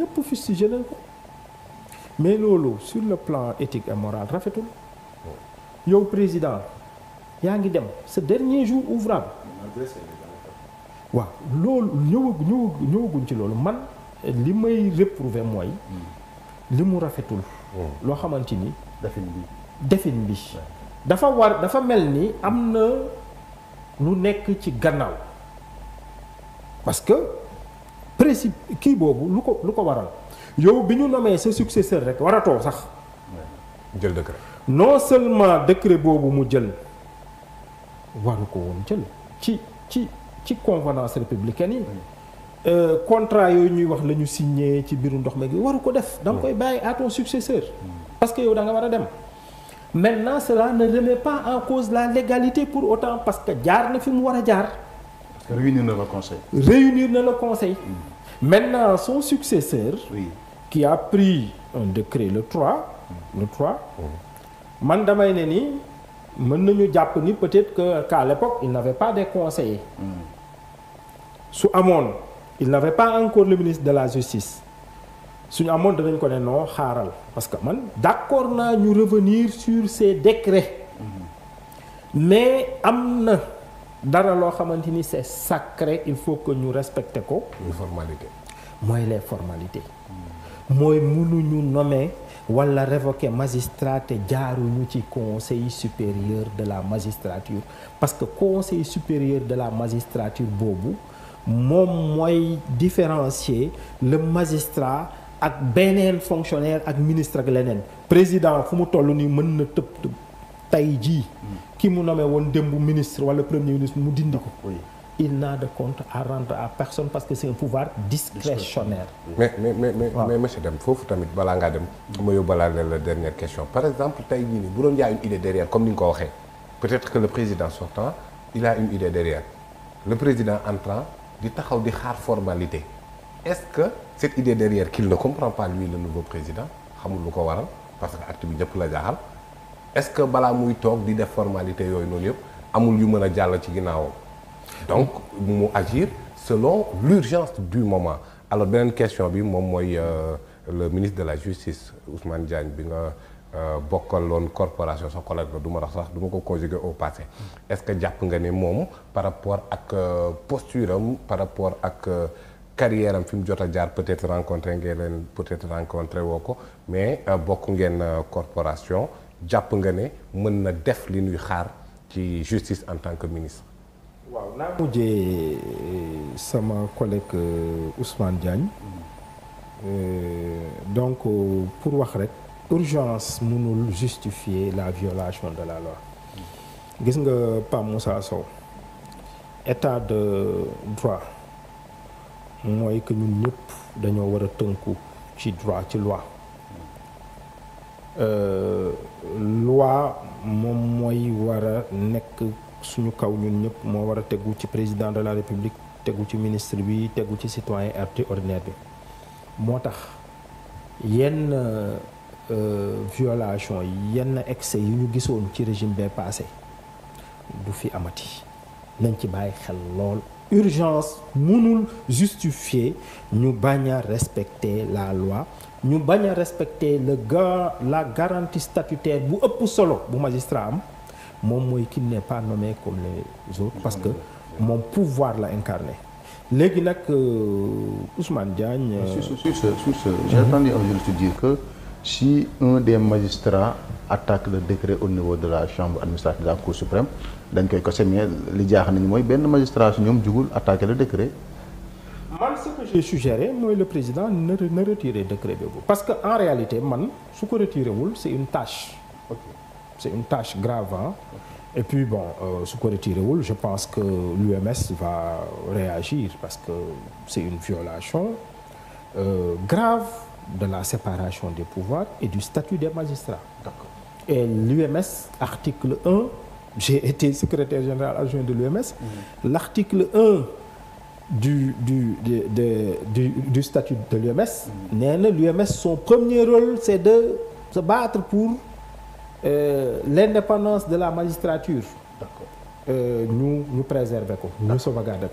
ñëpp fustigé nañ ko mais lolo, sur le plan éthique et moral rafetul yow président yaa ngi dem ce dernier jour ouvrable Wa, Lolo, nous, nous, nous ci loolu man li may réprouver moi, li mu rafetul loo xamante ni defin bi defin bi dafa war dafa mel ni am lu nekk ci gannaaw parce que principe qui bobu luko successeur décret. non seulement décret bobu mu jël ci ci ci républicaine euh, contrat ñuy wax signé def. à ton successeur. Mm. parce que yow da maintenant cela ne remet pas en cause la légalité pour autant parce que jaar réunir le conseil. réunir le conseil. Mm. Maintenant, son successeur, qui a pris un décret le 3, le 3, man peut-être qu'à l'époque il n'avait pas de conseiller mm. sous Amon, il n'avait pas encore le ministre de la justice Sous il danañ qu'on ne non haral parce que man d'accord nous revenir sur ces décrets mm-hmm. mais Amon dara loo xamante c'est sacré il faut que nous respecter ko. les formalités. mooy les formalités. nommer wala révoquer magistrat conseil supérieur de la magistrature parce que conseil supérieur de la magistrature boobu moom différencier le magistrat ak fonctionnaire ak ministre président ki mu ministre premier ministre mu il n'a de compte à rendre à personne parce que c'est un pouvoir discrétionnaire mais mais mais mais mais mais monsieur Deme tamit balaa ngaa dem la dernière question par exemple tey jii nii bu une idée derrière comme ni nga ko peut-être que le président sortant il a une idée derrière le président entrant il taxaw di xaar formalité est-ce que cette idée derrière qu'il ne comprend pas lui le nouveau président xamul waral parce que acte bi la jaaxal est-ce que bala muy tok di def formalité yoy noonu yëpp amul yu mën jall ci ginnaawam donc mu agir selon l'urgence du moment alors beneen question bi mom moy euh, le ministre de la justice Ousmane Diagne bi nga euh, bokkaloon corporation sa collègue la du sax duma ko conjuguer au passé est-ce que japp nga ne mom par rapport ak euh, posture par rapport ak carrière fim jotta jaar peut-être rencontrer ngeen peut-être rencontrer woko mais bokku ngeen corporation jàpp nga ne def li justice en tant que ministre. waaw naa mujjee euh, sama collègue euh, Ousmane Diagne euh, donc pour wax rek urgence nous justifier la violation de la loi gis nga Pape Moussa Sow état de droit mooy que ñun ñëpp dañoo war a ci droit ci loi. Euh, loi moom moy wara nek suñu kaw ñun ñëpp mo wara a ci président de la république tegu ci ministre bi tegu ci citoyen ordinaire bi motax yenn euh violation yenn excès yi ñu ci régime bee passé du fi amati nañ ci baye xel lool urgence nous justifier nous bannir respecter la loi nous bannir respecter le gars la garantie statutaire bu ëpp solo bu magistrat am qui qui n'est pas nommé comme les autres parce que mon pouvoir la incarné légui nak euh, Ousmane Diagne. Euh, euh, sur ce j'ai entendu dire que si un des magistrats attaque le décret au niveau de la chambre administrative de la cour suprême donc koy ko semé li magistrat attaquer le décret. Moi, ce que j'ai suggéré le président ne, retirer décret parce qu'en réalité man su ko c'est une tâche. c'est une tâche grave hein. Et puis bon euh, su ko retiré je pense que l'UMS va réagir parce que c'est une violation euh, grave de la séparation des pouvoirs et du statut des magistrats. Et l'UMS, article 1, j'ai été secrétaire général adjoint de l'UMS, mhm. l'article 1 du, du, du, du statut de l'UMS, mhm. l'UMS, son premier rôle, c'est de se battre pour euh, l'indépendance de la magistrature. Euh, nous, nous préserver, nous sauvegarder.